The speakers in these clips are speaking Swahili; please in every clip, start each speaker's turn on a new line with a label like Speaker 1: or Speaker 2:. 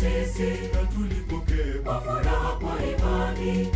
Speaker 1: sisi na tulipokea kwa furaha kwa imani.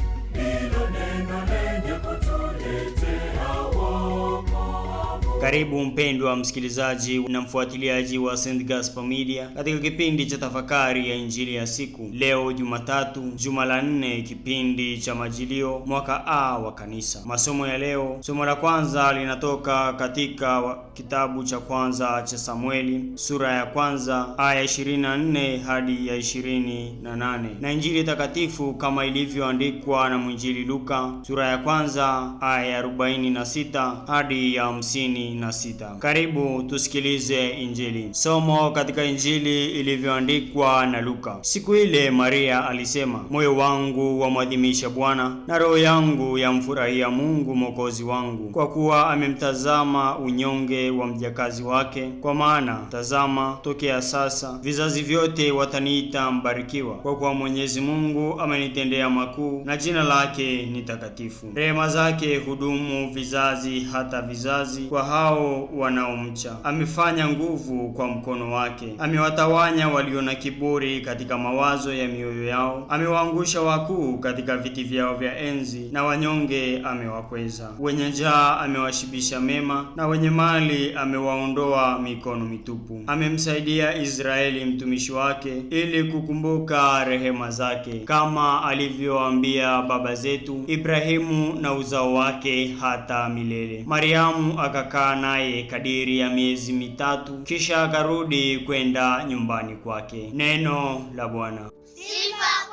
Speaker 1: Karibu mpendwa msikilizaji na mfuatiliaji wa St. Gaspar Media katika kipindi cha tafakari ya injili ya siku leo, Jumatatu, juma la nne, kipindi cha Majilio, mwaka A wa Kanisa. Masomo ya leo, somo la kwanza linatoka katika kitabu cha kwanza cha Samueli sura ya kwanza aya 24 hadi ya 28, na injili takatifu kama ilivyoandikwa na mwinjili Luka sura ya kwanza aya 46 hadi ya 50 sita. Karibu tusikilize Injili. Somo katika Injili ilivyoandikwa na Luka. Siku ile Maria alisema, moyo wangu wamwadhimisha Bwana na roho yangu yamfurahia Mungu Mwokozi wangu, kwa kuwa amemtazama unyonge wa mjakazi wake. Kwa maana tazama, tokea sasa vizazi vyote wataniita mbarikiwa, kwa kuwa Mwenyezi Mungu amenitendea makuu, na jina lake ni takatifu. Rehema zake hudumu vizazi hata vizazi kwa hao wanaomcha. Amefanya nguvu kwa mkono wake, amewatawanya walio na kiburi katika mawazo ya mioyo yao, amewaangusha wakuu katika viti vyao vya enzi, na wanyonge amewakweza. Wenye njaa amewashibisha mema, na wenye mali amewaondoa mikono mitupu. Amemsaidia Israeli mtumishi wake, ili kukumbuka rehema zake, kama alivyoambia baba zetu Ibrahimu na uzao wake hata milele. Mariamu akakaa naye kadiri ya miezi mitatu, kisha akarudi kwenda nyumbani kwake. Neno la Bwana. Sifa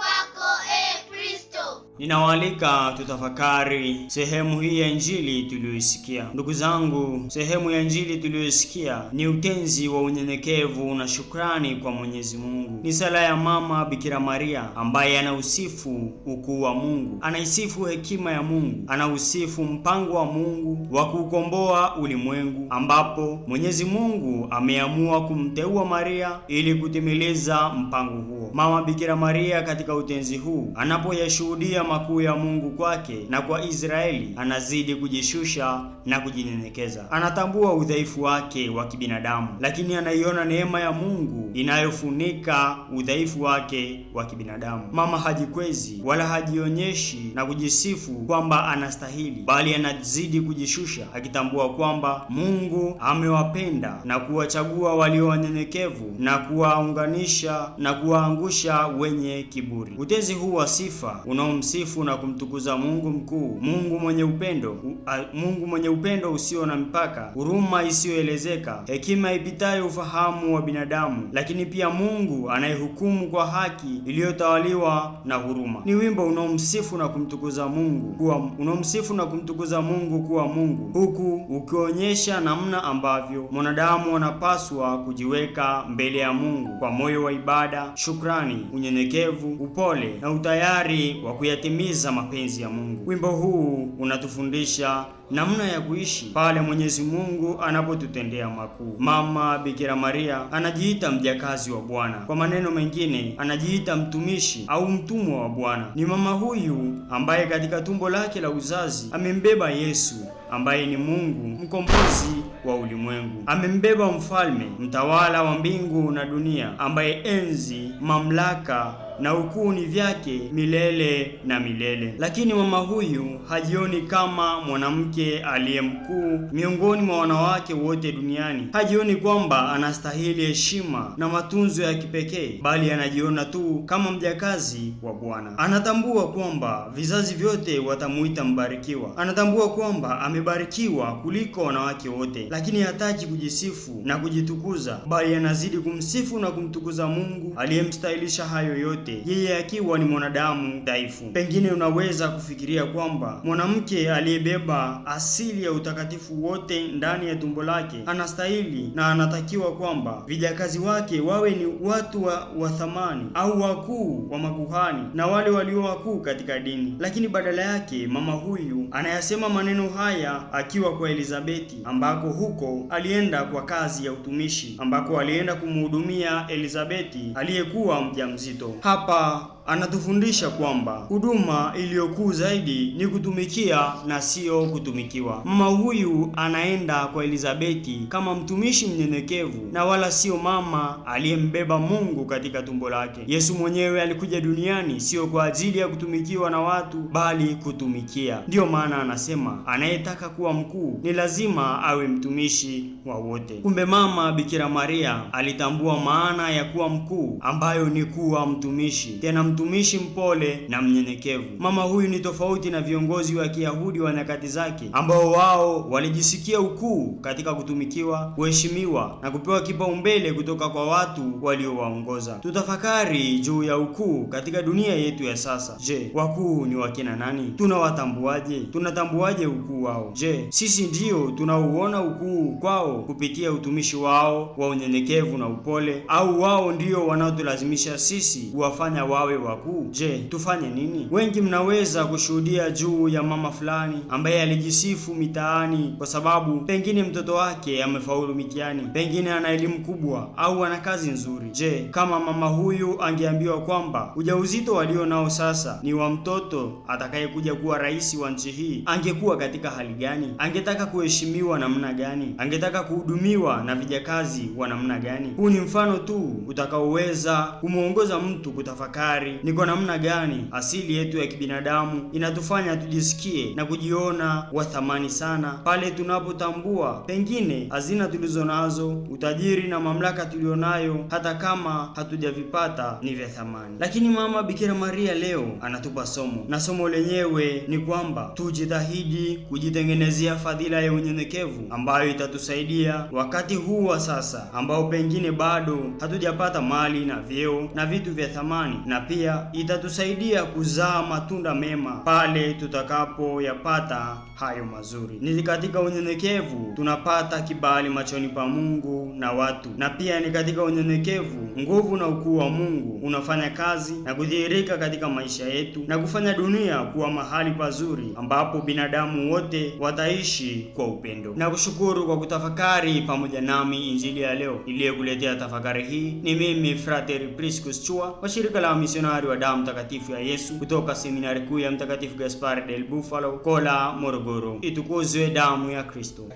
Speaker 2: ninawaalika tutafakari sehemu hii ya injili tuliyoisikia. Ndugu zangu, sehemu ya injili tuliyoisikia ni utenzi wa unyenyekevu na shukrani kwa Mwenyezi Mungu. Ni sala ya mama Bikira Maria ambaye anausifu ukuu wa Mungu, anaisifu hekima ya Mungu, anausifu mpango wa Mungu wa kuukomboa ulimwengu, ambapo Mwenyezi Mungu ameamua kumteua Maria ili kutimiliza mpango huu. Mama Bikira Maria katika utenzi huu anapoyashuhudia makuu ya Mungu kwake na kwa Israeli, anazidi kujishusha na kujinyenyekeza. Anatambua udhaifu wake wa kibinadamu, lakini anaiona neema ya Mungu inayofunika udhaifu wake wa kibinadamu. Mama hajikwezi wala hajionyeshi na kujisifu kwamba anastahili, bali anazidi kujishusha, akitambua kwamba Mungu amewapenda na kuwachagua walio wanyenyekevu na kuwaunganisha na kuwa kuangusha wenye kiburi. Utezi huu wa sifa unaomsifu na kumtukuza Mungu mkuu, Mungu mwenye upendo u, a, Mungu mwenye upendo usio na mipaka, huruma isiyoelezeka, hekima ipitayo ufahamu wa binadamu, lakini pia Mungu anayehukumu kwa haki iliyotawaliwa na huruma. Ni wimbo unaomsifu na kumtukuza Mungu kuwa unaomsifu na kumtukuza Mungu kuwa Mungu, huku ukionyesha namna ambavyo mwanadamu anapaswa kujiweka mbele ya Mungu kwa moyo wa ibada, shukrani shukrani, unyenyekevu, upole na utayari wa kuyatimiza mapenzi ya Mungu. Wimbo huu unatufundisha namna ya kuishi pale Mwenyezi Mungu anapotutendea makuu. Mama Bikira Maria anajiita mjakazi wa Bwana, kwa maneno mengine anajiita mtumishi au mtumwa wa Bwana. Ni mama huyu ambaye katika tumbo lake la uzazi amembeba Yesu ambaye ni Mungu mkombozi wa ulimwengu, amembeba mfalme, mtawala wa mbingu na dunia, ambaye enzi mama mamlaka na ukuni vyake milele na milele. Lakini mama huyu hajioni kama mwanamke aliye mkuu miongoni mwa wanawake wote duniani. Hajioni kwamba anastahili heshima na matunzo ya kipekee, bali anajiona tu kama mjakazi wa Bwana. Anatambua kwamba vizazi vyote watamuita mbarikiwa. Anatambua kwamba amebarikiwa kuliko wanawake wote, lakini hataki kujisifu na kujitukuza, bali anazidi kumsifu na kumtukuza Mungu aliyemstahilisha hayo yote yake, yeye akiwa ni mwanadamu dhaifu. Pengine unaweza kufikiria kwamba mwanamke aliyebeba asili ya utakatifu wote ndani ya tumbo lake anastahili na anatakiwa kwamba vijakazi wake wawe ni watu wa, wa thamani au wakuu wa makuhani na wale walio wakuu katika dini, lakini badala yake mama huyu anayasema maneno haya akiwa kwa Elizabeti, ambako huko alienda kwa kazi ya utumishi, ambako alienda kumhudumia Elizabeti aliyekuwa mjamzito. Papa anatufundisha kwamba huduma iliyokuu zaidi ni kutumikia na siyo kutumikiwa. Mama huyu anaenda kwa Elizabeti kama mtumishi mnyenyekevu na wala siyo mama aliyembeba Mungu katika tumbo lake. Yesu mwenyewe alikuja duniani siyo kwa ajili ya kutumikiwa na watu, bali kutumikia. Ndiyo maana anasema anayetaka kuwa mkuu ni lazima awe mtumishi wa wote. Kumbe mama Bikira Maria alitambua maana ya kuwa mkuu ambayo ni kuwa mtumishi tena mtumishi mtumishi mpole na mnyenyekevu. Mama huyu ni tofauti na viongozi wa Kiyahudi wa nyakati zake, ambao wao walijisikia ukuu katika kutumikiwa, kuheshimiwa na kupewa kipaumbele kutoka kwa watu waliowaongoza. Tutafakari juu ya ukuu katika dunia yetu ya sasa. Je, wakuu ni wakina nani? Tunawatambuaje? Tunatambuaje ukuu wao? Je, sisi ndio tunauona ukuu kwao kupitia utumishi wao wa unyenyekevu na upole, au wao ndio wanaotulazimisha sisi kuwafanya wawe wakuu. Je, tufanye nini? Wengi mnaweza kushuhudia juu ya mama fulani ambaye alijisifu mitaani kwa sababu pengine mtoto wake amefaulu mitihani, pengine ana elimu kubwa au ana kazi nzuri. Je, kama mama huyu angeambiwa kwamba ujauzito walio nao sasa ni wa mtoto atakayekuja kuwa rais wa nchi hii, angekuwa katika hali gani? Angetaka kuheshimiwa namna gani? Angetaka kuhudumiwa na vijakazi wa namna gani? Huu ni mfano tu utakaoweza kumwongoza mtu kutafakari tafakari ni kwa namna gani asili yetu ya kibinadamu inatufanya tujisikie na kujiona wa thamani sana pale tunapotambua pengine hazina tulizo nazo, utajiri na mamlaka tulionayo, hata kama hatujavipata ni vya thamani. Lakini mama Bikira Maria leo anatupa somo, na somo lenyewe ni kwamba tujitahidi kujitengenezea fadhila ya unyenyekevu ambayo itatusaidia wakati huu wa sasa ambao pengine bado hatujapata mali na vyeo na vitu vya thamani na pia afya itatusaidia kuzaa matunda mema pale tutakapoyapata hayo mazuri. Ni katika unyenyekevu tunapata kibali machoni pa Mungu na watu, na pia ni katika unyenyekevu nguvu na ukuu wa Mungu unafanya kazi na kudhihirika katika maisha yetu na kufanya dunia kuwa mahali pazuri ambapo binadamu wote wataishi kwa upendo. Nakushukuru kwa kutafakari pamoja nami injili ya leo. Iliyekuletea tafakari hii ni mimi Frater Priscus Chua wa shirika la misiona wamisionari wa damu mtakatifu ya Yesu kutoka seminari kuu ya Mtakatifu Gaspari del Bufalo, Kola, Morogoro. Itukuzwe damu ya Kristo!